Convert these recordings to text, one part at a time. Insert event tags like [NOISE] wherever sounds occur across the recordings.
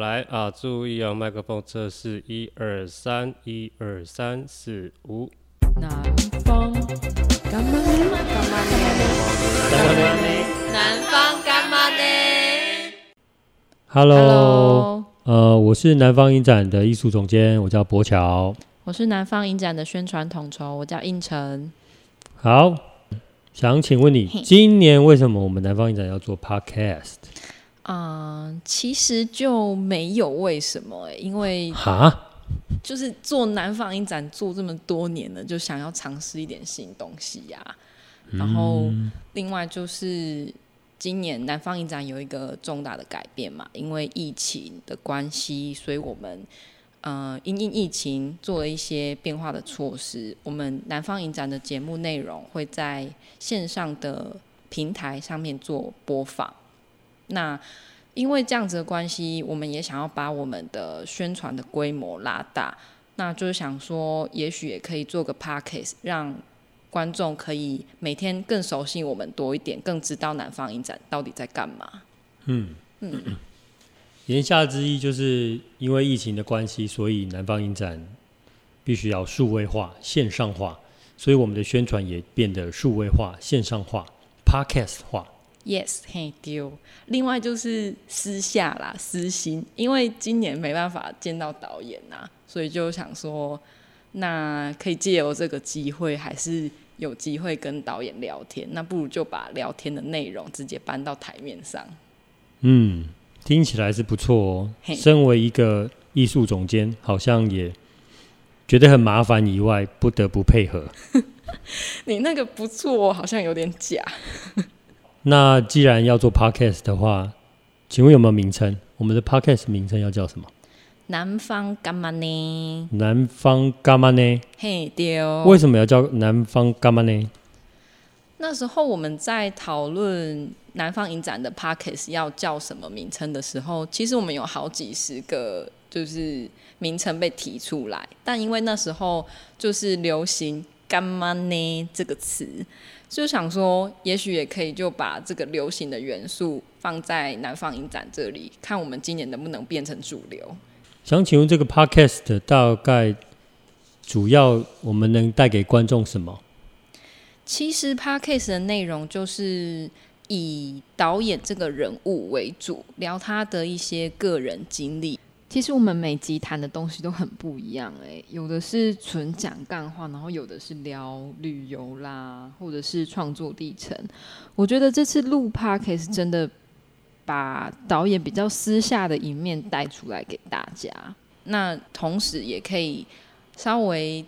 來啊！注意啊！麥克風測試，一二三，一二三四五。南方幹嘛呢？南方幹嘛呢？Hello，呃，我是南方影展的藝術總監，我叫柏喬。我是南方影展的宣傳統籌，我叫映辰。好，想請問你， [LAUGHS] 今年為什麼我們南方影展要做 Podcast？啊、呃，其實就沒有為什麼、欸、因為、呃、就是做南方影展做這麼多年了，就想要嘗試一點新東西呀、啊。然後、嗯、另外就是今年南方影展有一個重大的改變嘛，因為疫情的關係，所以我們呃，因應疫情做了一些變化的措施。我們南方影展的節目內容會在線上的平台上面做播放。那因為這樣子的關係，我們也想要把我們的宣傳的規模拉大，那就是想說，也許也可以做個 Podcast，讓觀眾可以每天更熟悉我們多一點，更知道南方影展到底在幹嘛。嗯嗯，言下之意就是因為疫情的關係，所以南方影展必須要數位化、線上化，所以我們的宣傳也變得數位化、線上化、Podcast 化。Yes, hey, do。另外就是私下啦，私心，因為今年沒辦法見到導演啦、啊、所以就想說，那可以借由這個機會，還是有機會跟導演聊天，那不如就把聊天的內容直接搬到台面上。嗯，聽起來是不錯哦、喔。身為一個藝術總監，好像也覺得很麻煩，以外，不得不配合。 [LAUGHS] 你那個不錯，喔，好像有點假。那既然要做 podcast 的話，請問有沒有名稱？我們的 podcast 名稱要叫什麼？南方幹嘛呢？南方幹嘛呢？嘿，丟、哦！為什麼要叫南方幹嘛呢？那時候我們在討論南方影展的 podcast 要叫什麼名稱的時候，其實我們有好幾十個就是名稱被提出來，但因為那時候就是流行。“乾媽”呢，這個詞，就想說，也許也可以就把這個流行的元素放在南方影展這裡，看我們今年能不能變成主流。想請問這個 podcast 大概主要我們能帶給觀眾什麼？其實 podcast 的內容就是以導演這個人物為主，聊他的一些個人經歷。其實我們每集談的東西都很不一樣哎、欸，有的是純講幹話，然後有的是聊旅遊啦，或者是創作歷程。我覺得這次錄 podcast 是真的把導演比較私下的一面帶出來給大家，那同時也可以稍微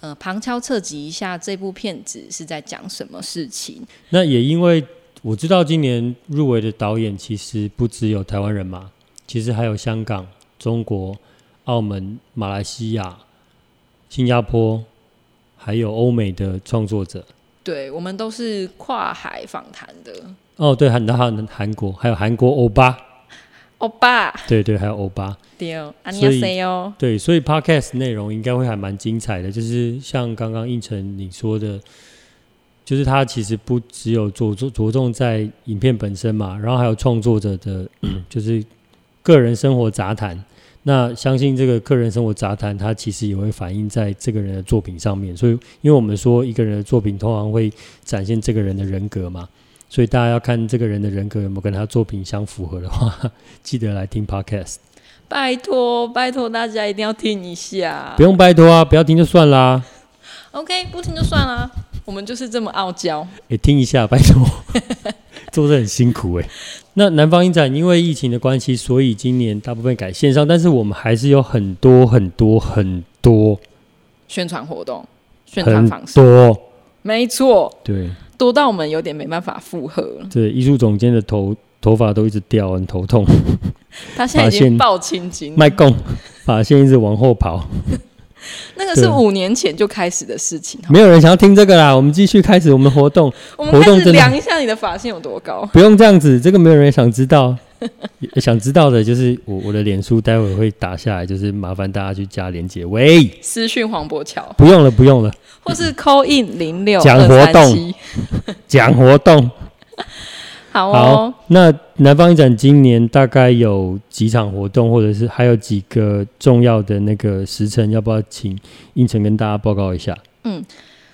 呃旁敲側擊一下這部片子是在講什麼事情。那也因為我知道今年入圍的導演其實不只有台灣人嘛，其實還有香港。中國、澳門、馬來西亞、新加坡，還有歐美的創作者，對我們都是跨海訪談的。哦，對，很多還有韓國，還有韓國歐巴，歐巴，對，對對，還有歐巴。對，所以對所以 Podcast 內容應該會還蠻精彩的。就是像剛剛映辰你說的，就是他其實不只有着着着重在影片本身嘛，然後還有創作者的、嗯，就是個人生活雜談。那相信這個個人生活雜談，他其實也會反映在這個人的作品上面。所以，因為我們說一個人的作品通常會展現這個人的人格嘛，所以大家要看這個人的人格有沒有跟他作品相符合的話，記得來聽 Podcast。拜托，拜托大家一定要聽一下。不用拜托啊，不要聽就算啦。OK，不聽就算啦， [LAUGHS] 我們就是這麼傲嬌。也、欸、聽一下，拜托。 [LAUGHS] 做得很辛苦哎、欸，那南方影展因為疫情的關係，所以今年大部分改線上，但是我們還是有很多很多很多，很多，很多，很多，很多宣傳活動，宣傳方式多，沒錯，對，多到我們有點沒辦法負荷，對，藝術總監的頭頭髮都一直掉，很頭痛。他現在已經爆青筋了，麥共把線一直往後跑。 [LAUGHS] 這、那個是五年前就開始的事情，沒有人想要聽這個啦。我們繼續開始我們的活動，我們活動量一下你的髮線有多高。不用這樣子，這個沒有人想知道。 [LAUGHS] 想知道的就是我我的臉書，待會兒會打下來，就是麻煩大家去加連結。喂，私訊黃柏喬。不用了，不用了。或是扣 in 零六二三七，講活動，講活動。 [LAUGHS] 好，哦、好，那南方影展今年大概有幾場活動，或者是還有幾個重要的那個時辰，要不要請映辰跟大家報告一下？嗯，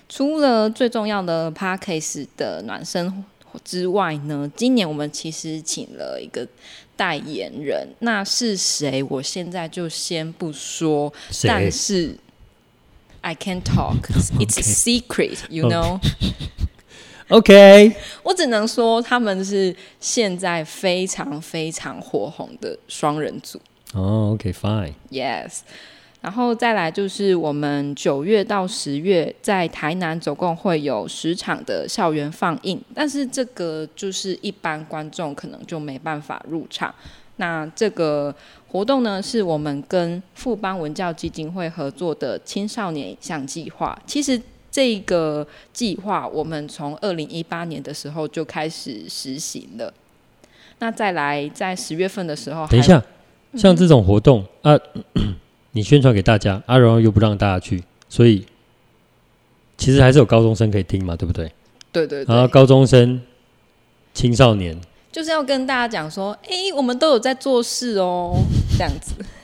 除了最重要的 Potcats 的暖身之外呢，今年我們其實請了一個代言人，那是誰？我現在就先不說，但是 I can't talk, [LAUGHS] okay. it's a secret, you know.、Okay. [LAUGHS] OK，我只能說他們是現在非常非常火紅的雙人組。哦，OK，Fine，Yes。然後再來就是我們九月到十月在台南總共會有十場的校園放映，但是這個就是一般觀眾可能就沒辦法入場。那這個活動呢，是我們跟富邦文教基金會合作的青少年影像計劃。其實。這個計劃，我們從二零一八年的時候就開始實行了。那再來，在十月份的時候，等一下，像這種活動、嗯、啊，你宣傳給大家，阿、啊、榮又不讓大家去，所以其實還是有高中生可以聽嘛，對不對？對，對對。然後高中生、青少年，就是要跟大家講說，誒，我們都有在做事哦，這樣子。 [LAUGHS]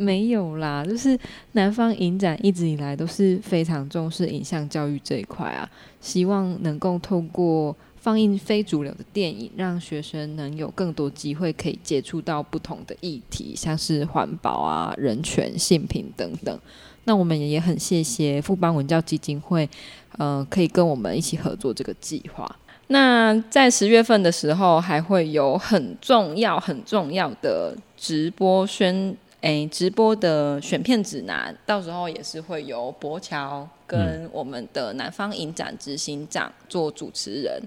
沒有啦，就是南方影展一直以來都是非常重視影像教育這一塊啊，希望能夠透過放映非主流的電影，讓學生能有更多機會可以接觸到不同的議題，像是環保啊、人權、性平等等。那我們也很謝謝富邦文教基金會，呃，可以跟我們一起合作這個計劃。那在十月份的時候，還會有很重要、很重要的直播宣。哎，欸，直播的選片指南，到時候也是會由柏喬跟我們的南方影展執行長做主持人。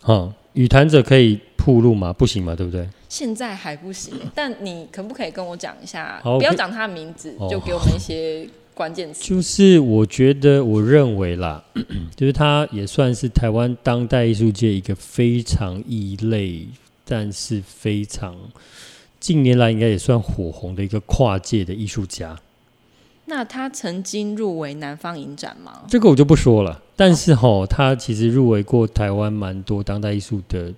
好，語壇者可以鋪路嗎？不行嘛，對不對？現在還不行，但你可不可以跟我講一下？不要講他的名字，就給我們一些關鍵詞。就是我覺得，我認為啦咳咳，就是他也算是台灣當代藝術界一個非常異類，但是非常。近年來應該也算火紅的一個跨界的藝術家。那他曾經入圍南方影展嗎？這個我就不說了。但是吼，他其實入圍過台灣蠻多當代藝術的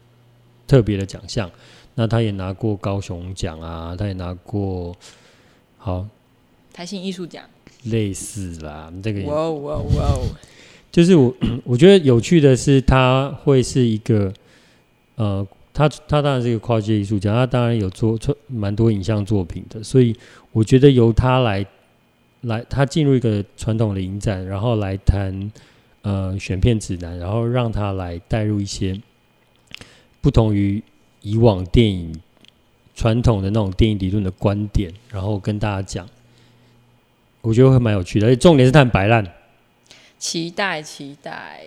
特別的獎項。那他也拿過高雄獎啊，他也拿過好台新藝術獎，類似啦。這個哇哇哇！Wow, wow, wow. [LAUGHS] 就是我，我覺得有趣的是，他會是一個呃。他他當然是一個跨界藝術家，他當然有做出蠻多影像作品的，所以我覺得由他來來，他進入一個傳統的影展，然後來談呃選片指南，然後讓他來帶入一些不同於以往電影傳統的那種電影理論的觀點，然後跟大家講，我覺得會蠻有趣的。而且重點是他很白爛，期待期待，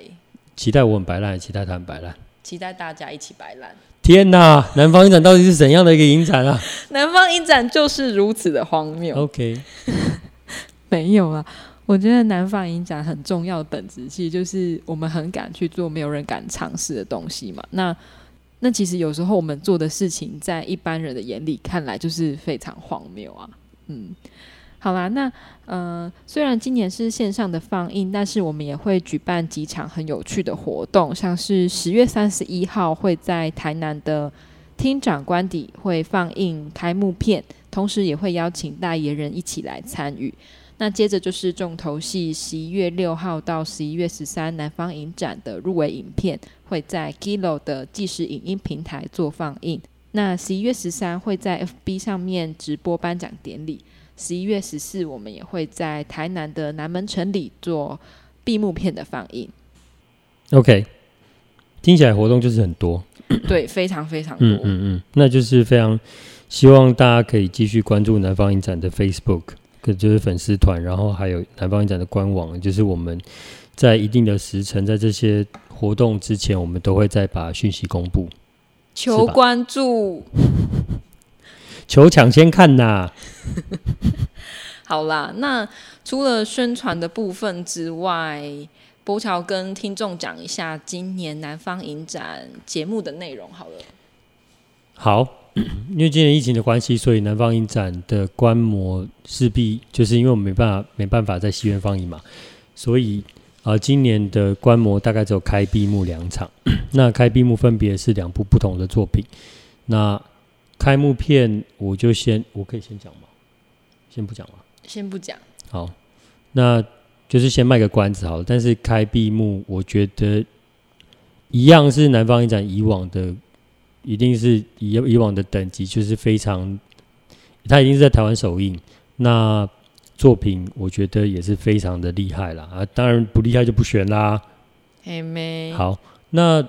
期待我很白爛，期待他很白爛，期待大家一起白爛。天吶！南方影展到底是怎樣的一個影展啊？ [LAUGHS] 南方影展就是如此的荒謬。OK， [LAUGHS] 沒有啊，我覺得南方影展很重要的本質，其實就是我們很敢去做沒有人敢嘗試的東西嘛。那那其實有時候我們做的事情，在一般人的眼裡看來，就是非常荒謬啊。嗯。好啦，那呃，雖然今年是線上的放映，但是我們也會舉辦幾場很有趣的活動，像是十月三十一號會在台南的廳長官邸會放映開幕片，同時也會邀請代言人一起來參與。那接着就是重頭戲，十一月六號到十一月十三，南方影展的入圍影片會在 Giloo 的即時影音平台做放映。那十一月十三會在 FB 上面直播頒獎典禮。十一月十四，我們也會在台南的南門城裡做閉幕片的放映。OK，聽起來活動就是很多。 [COUGHS] 對，非常非常多。嗯嗯，嗯，那就是非常希望大家可以繼續關注南方影展的 Facebook，就是粉絲團，然後還有南方影展的官網。就是我們在一定的時辰，在這些活動之前，我們都會再把訊息公布。求關注。 [LAUGHS] 求搶先看吶、啊！ [LAUGHS] 好啦，那除了宣傳的部分之外，柏喬跟聽眾講一下今年南方影展節目的內容好了。好，因為今年疫情的關係，所以南方影展的觀摩勢必就是因為我們沒辦法沒辦法在戲院放映嘛，所以啊、呃，今年的觀摩大概只有開閉幕兩場。 [COUGHS] 那開閉幕分別是兩部不同的作品。那開幕片我就先我可以先講嗎？先不講嗎？先不講。好，那就是先賣個關子好了。但是開閉幕，我覺得一樣是南方影展以往的，一定是以以往的等級，就是非常，他已經是在台灣首映，那作品我覺得也是非常的厲害了啊。當然不厲害就不選啦。嘿咩好，那。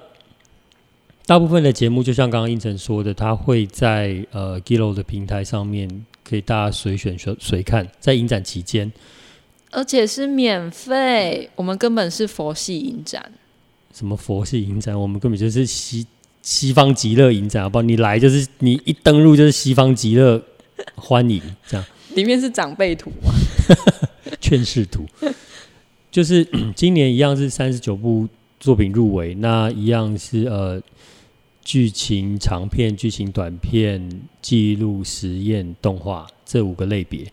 大部分的節目，就像剛剛英晨說的，他會在呃 Giloo 的平台上面，可以大家隨選隨隨看，在影展期間，而且是免費、嗯。我們根本是佛系影展，什麼佛系影展？我們根本就是西西方極樂影展，好不好？你來就是你一登錄就是西方極樂，歡迎這樣。裡面是長輩圖， [LAUGHS] 勸世試圖， [LAUGHS] 就是今年一樣是三十九部。作品入圍，那一樣是呃，劇情長片、劇情短片、紀錄、實驗、動畫這五個類別。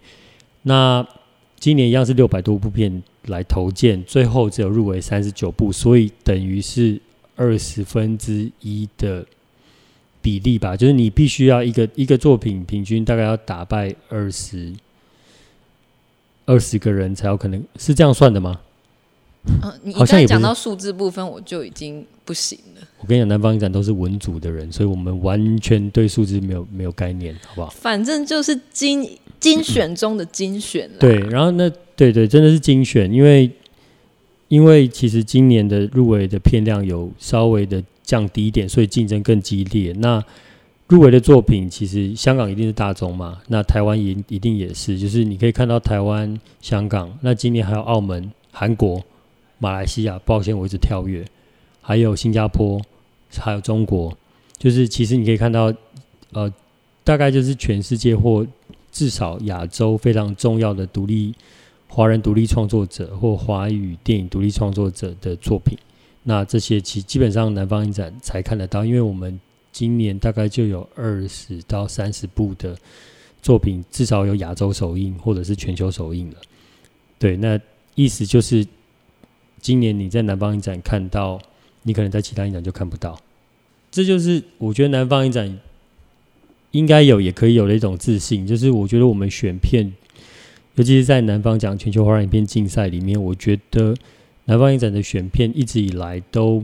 那今年一樣是六百多部片來投件，最後只有入圍三十九部，所以等於是二十分之一的比例吧。就是你必須要一個一個作品平均大概要打敗二十二十個人才有可能，是這樣算的嗎？嗯，你一旦講到數字部分，我就已經不行了。我跟你講，南方影展都是文組的人，所以我們完全對數字沒有沒有概念，好不好？反正就是精精選中的精選、嗯。對，然後那對對，真的是精選，因為因為其實今年的入圍的片量有稍微的降低一點，所以競爭更激烈。那入圍的作品，其實香港一定是大宗嘛，那台灣也一定也是，就是你可以看到台灣、香港，那今年還有澳門、韓國。馬來西亞，抱歉，我一直跳躍，還有新加坡，還有中國，就是其實你可以看到，呃，大概就是全世界或至少亞洲非常重要的獨立華人獨立創作者或華語電影獨立創作者的作品，那這些其基本上南方影展才看得到，因為我們今年大概就有二十到三十部的作品，至少有亞洲首映或者是全球首映了。對，那意思就是。今年你在南方影展看到，你可能在其他影展就看不到。這就是我覺得南方影展應該有，也可以有的一種自信。就是我覺得我們選片，尤其是在南方獎全球華人影片競賽裡面，我覺得南方影展的選片一直以來都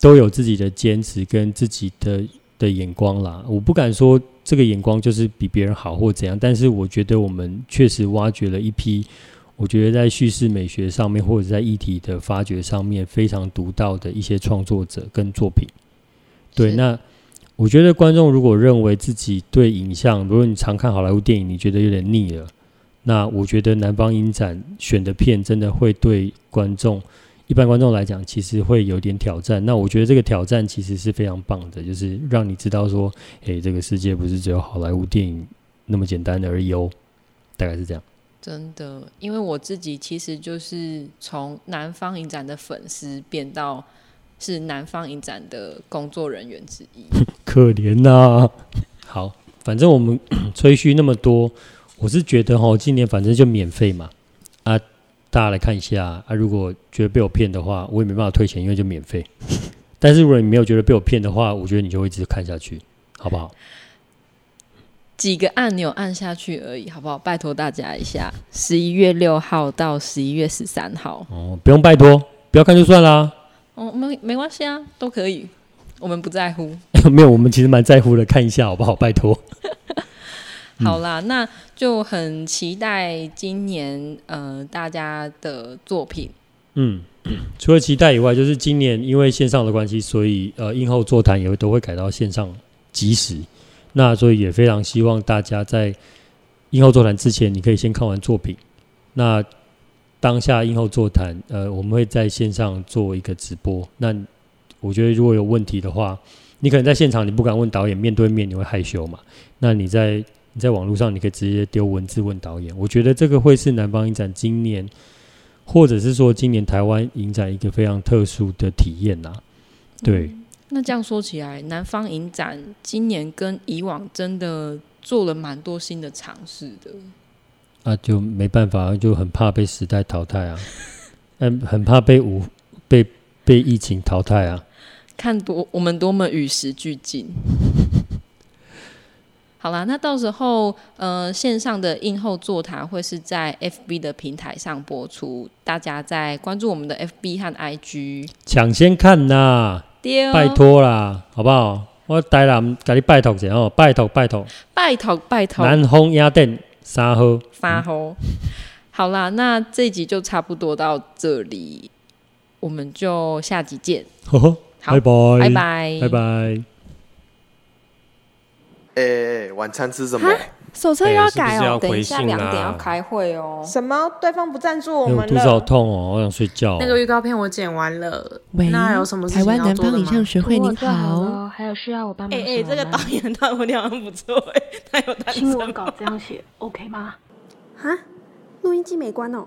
都有自己的堅持跟自己的的眼光啦。我不敢說這個眼光就是比別人好或怎樣，但是我覺得我們確實挖掘了一批。我覺得在敘事美學上面，或者在議題的發掘上面，非常獨到的一些創作者跟作品。對，那我覺得觀眾如果認為自己對影像，如果你常看好萊塢電影，你覺得有點膩了，那我覺得南方影展選的片真的會對觀眾，一般觀眾來講，其實會有點挑戰。那我覺得這個挑戰其實是非常棒的，就是讓你知道說，誒，這個世界不是只有好萊塢電影那麼簡單的而已哦，大概是這樣。真的，因為我自己其實就是從南方影展的粉絲變到是南方影展的工作人員之一。 [LAUGHS] 可憐吶、啊！好，反正我們吹噓那麼多，我是覺得哈，今年反正就免費嘛。啊，大家來看一下啊，如果覺得被我騙的話，我也沒辦法退錢，因為就免費。但是如果你沒有覺得被我騙的話，我覺得你就會一直看下去，好不好？ [LAUGHS] 幾個按鈕按下去而已，好不好？拜託大家一下，十一月六號到十一月十三號哦，不用拜託，不要看就算啦、啊。哦，沒沒關係啊，都可以，我們不在乎。沒有，我們其實蠻在乎的，看一下好不好？拜託、 [LAUGHS] 嗯。好啦，那就很期待今年呃大家的作品。嗯，除了期待以外，就是今年因為線上的關係，所以呃，映後座談也都會改到線上，即時。那所以也非常希望大家在映後座談之前，你可以先看完作品。那當下映後座談，呃，我們會在線上做一個直播。那我覺得如果有問題的話，你可能在現場你不敢問導演面對面，你會害羞嘛？那你在你在網絡上，你可以直接丟文字問導演。我覺得這個會是南方影展今年，或者是說今年台灣影展一個非常特殊的體驗吶、啊嗯。對。那這樣說起來，南方影展今年跟以往真的做了蠻多新的嘗試的。那、啊、就沒辦法，就很怕被時代淘汰啊， [LAUGHS] 嗯、很怕被無被被疫情淘汰啊。看多我們多麼與時俱進。 [LAUGHS] 好啦，那到時候，呃，線上的映後座談會是在 FB 的平台上播出，大家在關注我們的 FB 和 IG 搶先看吶。哦、拜託啦，好不好？我台南，跟你拜託一下哦，拜託拜託，拜託拜託。南風雅典，三號三號好， [LAUGHS] 好啦，那這集就差不多到這裡，我們就下集見。拜拜，拜拜，拜拜。哎、欸，晚餐吃什麼？手冊要改哦，欸是是啊，等一下兩點要開會哦。什麼？對方不贊助我們了，欸，我肚子好痛哦，我想睡覺，哦。那個預告片我剪完了。那有，什麼事情要做嗎？台灣南方影像學會您好。好，還有需要我幫忙的嗎？哎哎，這個導演他們不錯哎，欸。他有新聞稿這樣寫，OK 嗎？啊？錄音機沒關哦。